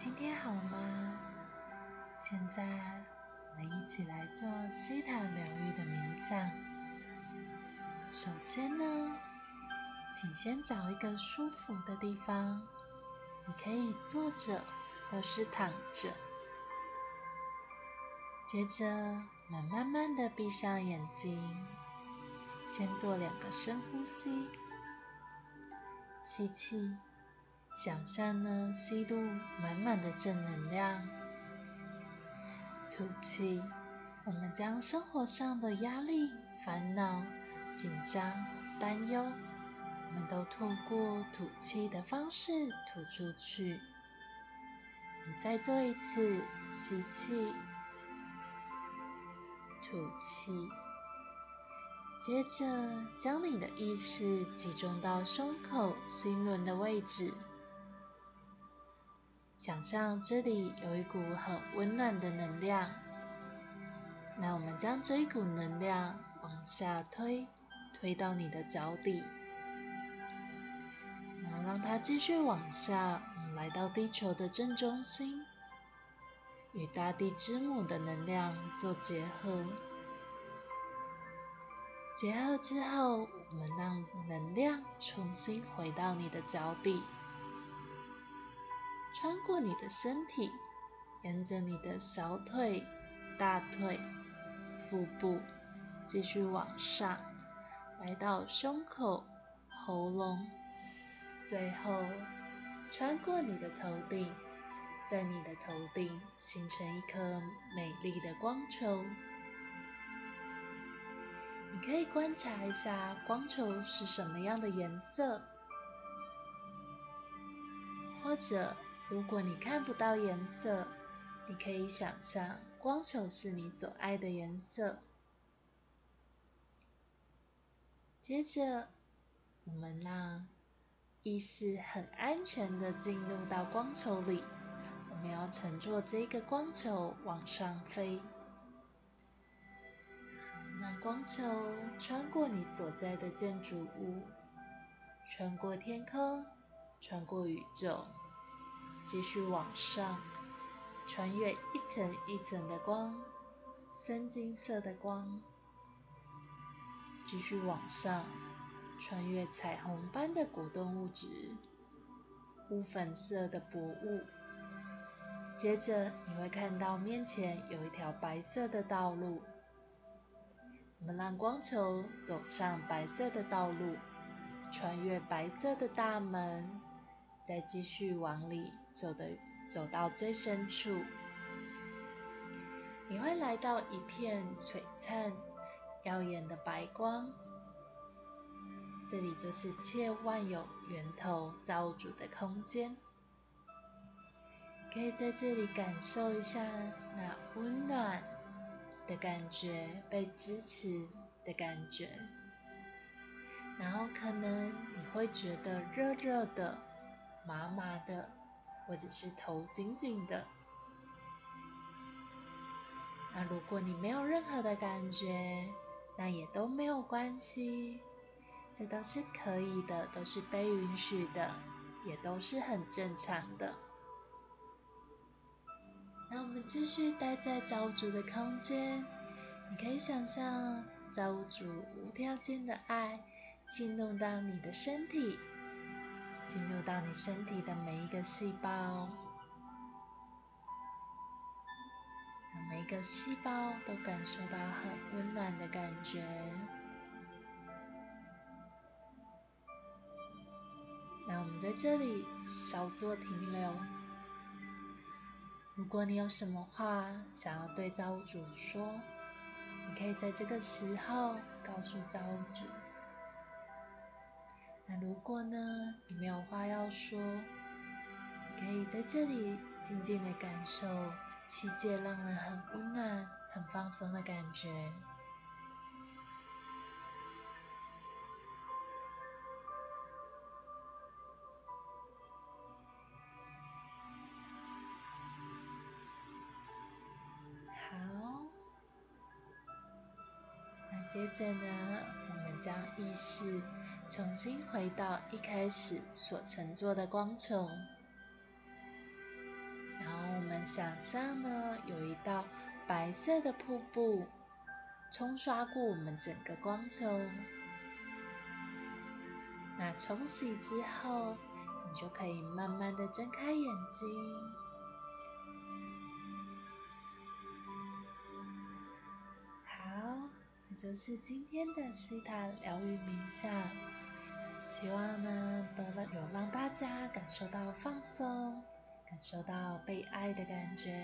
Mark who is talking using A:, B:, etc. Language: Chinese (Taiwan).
A: 今天好嗎？現在我們一起來做希塔療癒的冥想。首先呢，請先找一個舒服的地方，你可以坐着或是躺着。接着，我們慢慢慢的閉上眼睛，先做兩個深呼吸，吸氣。想象呢，吸入滿滿的正能量，吐氣。我們將生活上的壓力、煩惱、緊張、擔憂，我們都透過吐氣的方式吐出去。你再做一次吸氣，吐氣。接着，將你的意識集中到胸口心輪的位置。想象這裡有一股很溫暖的能量，那我們將這一股能量往下推，推到你的腳底，然後讓它繼續往下，我們來到地球的正中心，與大地之母的能量做結合。結合之後，我們讓能量重新回到你的腳底。穿過你的身體，沿着你的小腿、大腿、腹部，繼續往上，來到胸口、喉嚨，最後穿過你的頭頂，在你的頭頂形成一顆美麗的光球。你可以觀察一下光球是什麼樣的顏色，或者。如果你看不到顏色，你可以想象光球是你所愛的顏色。接着，我們讓、啊、意識很安全地進入到光球裡。我們要乘坐這個光球往上飛，讓光球穿過你所在的建築物，穿過天空，穿過宇宙。繼續往上，穿越一層一層的光，深金色的光。繼續往上，穿越彩虹般的果凍物質，烏粉色的薄霧。接着你會看到面前有一條白色的道路。我們讓光球走上白色的道路，穿越白色的大門，再繼續往裡。走的走到最深處，你會來到一片璀璨耀眼的白光，這裡就是一切萬有源頭造物主的空間。可以在這裡感受一下那溫暖的感覺，被支持的感覺，然後可能你會覺得熱熱的，麻麻的。或者是頭緊緊的，那如果你沒有任何的感覺，那也都沒有關係，這都是可以的，都是被允許的，也都是很正常的。那我們繼續待在造物主的空間，你可以想象造物主無條件的愛浸潤到你的身體。進入到你身體的每一個細胞，讓每一個細胞都感受到很溫暖的感覺。那我們在這裡稍作停留。如果你有什麼話想要對造物主說，你可以在這個時候告訴造物主。那如果呢，你沒有話要說，你可以在這裡靜靜的感受七界讓人很溫暖、很放鬆的感覺。好，那接着呢，我們將意識。重新回到一開始所乘坐的光球，然後我們想象呢有一道白色的瀑布沖刷過我們整個光球，那沖洗之後，你就可以慢慢的睜開眼睛。好，這就是今天的希塔療癒冥想。希望呢，都能有讓大家感受到放鬆，感受到被愛的感覺。